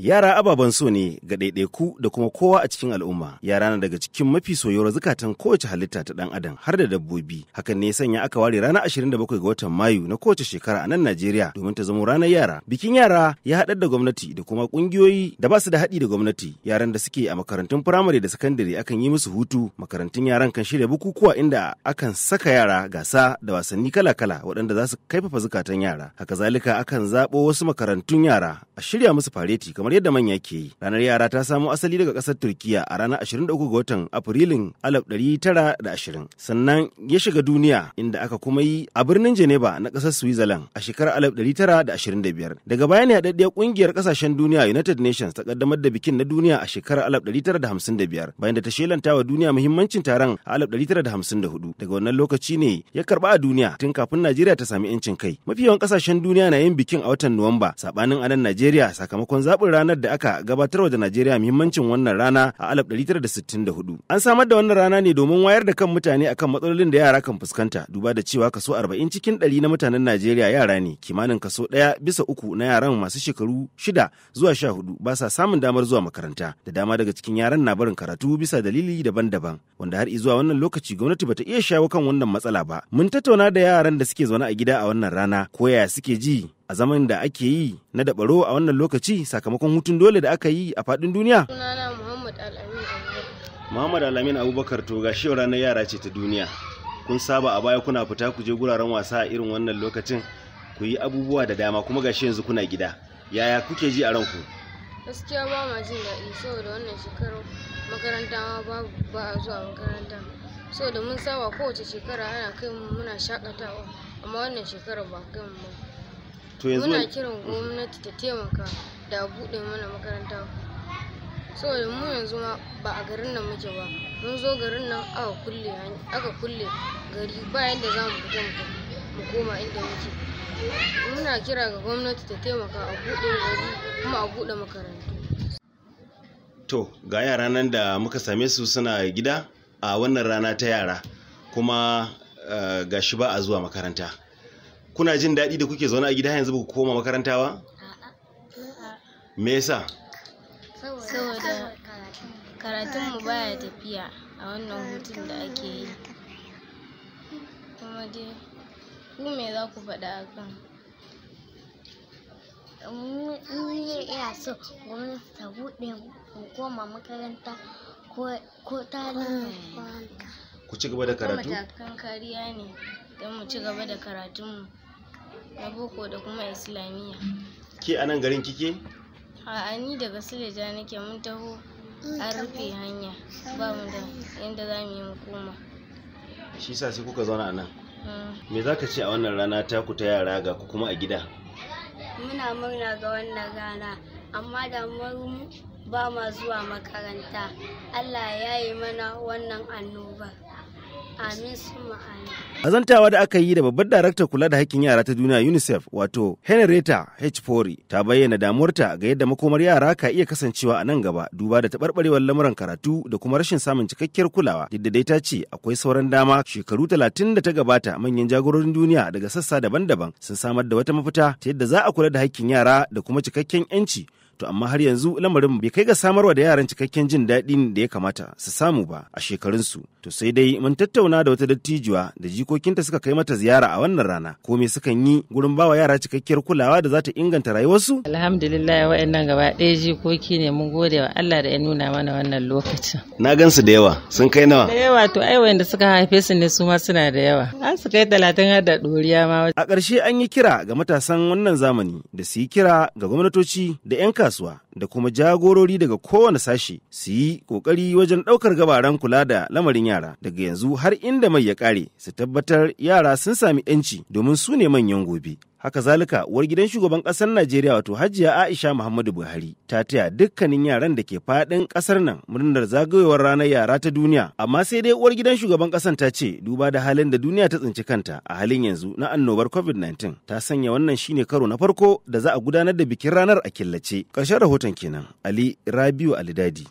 Yara ababen so ne ga ɗaiɗaiku da kuma kowa a cikin al'umma. Yara na daga cikin mafi soyuwar zukatan kowace halitta ta ɗan adam har da dabbobi. Hakan ne sanya aka ware ranar bakwai ga watan Mayu na kowace shekara a nan Najeriya domin ta zama ranar yara. Bikin yara ya haɗar da gwamnati da kuma ƙungiyoyi da ba su da haɗi da gwamnati. Yaran da suke a makarantun firamare da sakandare akan yi musu hutu. Makarantun yaran kan shirya bukukuwa inda akan saka yara gasa da wasanni kala-kala waɗanda za su kaifafa zukatan yara. Haka zalika akan zaɓo wasu makarantun yara a shirya musu fareti kamar kamar yadda manya ke yi. Ranar yara ta samo asali daga kasar Turkiya a ranar 23 ga watan Afrilun 1920. Sannan ya shiga duniya inda aka kuma yi a birnin Geneva na ƙasar Switzerland a shekarar 1925. Daga baya ne haɗaɗɗiyar ƙungiyar ƙasashen duniya United Nations ta ƙaddamar da bikin na duniya a shekarar 1955 bayan da ta shelanta wa duniya muhimmancin taron a 1954. Daga wannan lokaci ne ya karɓa a duniya tun kafin Najeriya ta sami 'yancin kai. Mafi yawan ƙasashen duniya na yin bikin a watan Nuwamba saɓanin anan Najeriya sakamakon zaɓin ranar da aka gabatarwa da Najeriya muhimmancin wannan rana a 1964. An samar da wannan rana ne domin wayar da kan mutane akan matsalolin da yara kan fuskanta duba da cewa kaso 40 cikin 100 na mutanen Najeriya yara ne kimanin kaso 1 bisa uku na yaran masu shekaru 6 zuwa 14 ba sa samun damar zuwa makaranta da dama daga cikin yaran na barin karatu bisa dalili daban-daban wanda har zuwa wannan lokaci gwamnati bata iya shawo kan wannan matsala ba. Mun tattauna da yaran da suke zaune a gida a wannan rana ko yaya suke ji a zaman da ake yi na dabaro a wannan lokaci sakamakon hutun dole da aka yi a faɗin duniya? Muhammad Alamin Abubakar. to ga shi ranar yara ce ta duniya. Kun saba a baya kuna fita ku je guraren wasa a irin wannan lokacin ku yi abubuwa da dama kuma gashi yanzu kuna gida. Yaya kuke ji a ranku? Gaskiya ba ma jin daɗi saboda wannan shekarar makaranta ma ba a zuwa makaranta. Saboda mun saba kowace shekara ana kai muna shakatawa amma wannan shekarar ba kai mu ba. to yanzu muna kiran gwamnati ta taimaka da buɗe mana makaranta saboda mu yanzu ma ba a garin nan muke ba mun zo garin nan aka kulle aka kulle gari ba yadda za mu fita mu koma inda muke muna kira ga gwamnati ta taimaka a buɗe gari kuma a buɗe makarantu to ga yara nan da muka same su suna gida a wannan rana ta yara kuma uh, ga shi ba a zuwa makaranta kuna jin daɗi da kuke zaune a gida yanzu ba ku koma makaranta ba me yasa saboda karatun mu baya tafiya a wannan hutun da ake yi kuma dai ku me za ku faɗa a kan ne iya so gwamnati ta buɗe mu koma makaranta ko ta ku ci gaba da karatu matakan kariya ne don mu ci gaba da karatun mu. na boko da kuma islamiyya ke a nan garin kike a ni daga suleja nake mun taho an rufe hanya ba mu da yadda za mu yi mu koma shi sa sai kuka zauna a nan mm. me za ka ce a wannan rana ta ku ta yara ga ku kuma a gida muna murna ga wannan rana amma da mu ba ma zuwa makaranta allah ya yi mana wannan annobar Amin da aka yi da babbar daraktar kula da hakkin yara ta duniya UNICEF wato Henrietta H. Fori ta bayyana damuwarta ga yadda makomar yara ka iya kasancewa a nan gaba duba da taɓarɓarewar lamuran karatu da kuma rashin samun cikakkiyar kulawa. Duk da dai ta ce akwai sauran dama shekaru talatin da ta gabata manyan jagororin duniya daga sassa daban-daban sun samar da wata mafita ta yadda za a kula da hakkin yara da kuma cikakken 'yanci to amma har yanzu lamarin bai kai ga samarwa da yaran cikakken jin daɗin da ya kamata su samu ba a shekarunsu to sai dai mun tattauna da wata dattijuwa da jikokinta suka kai mata ziyara a wannan rana ko me sukan yi gurin bawa yara cikakkiyar kulawa da za ta inganta rayuwarsu alhamdulillah wa'annan gaba ɗaya jikoki ne mun gode wa Allah da ya nuna mana wannan lokacin na gansu da yawa sun kai nawa da yawa to ai wanda suka haife su ne su ma suna da yawa an su kai talatin har da ɗoriya ma a ƙarshe an yi kira ga matasan wannan zamani da su yi kira ga gwamnatoci da 'yan kasuwa da kuma jagorori daga kowane sashi su yi ƙoƙari wajen ɗaukar gabaran kula da lamarin yara daga yanzu har inda mai ya ƙare su tabbatar yara sun sami 'yanci domin su ne manyan gobe. Haka zalika, uwar gidan shugaban kasar Najeriya wato Hajiya Aisha Muhammadu Buhari ta taya dukkanin yaran da ke faɗin ƙasar nan murnar zagayowar ranar yara ta duniya. Amma sai dai uwar gidan shugaban ƙasar ta ce duba da halin da duniya ta tsinci kanta a halin yanzu na annobar COVID-19 ta sanya wannan shine karo na farko da za a gudanar da bikin ranar a killace. Ƙarshen rahoton kenan Ali Rabiu Alidadi.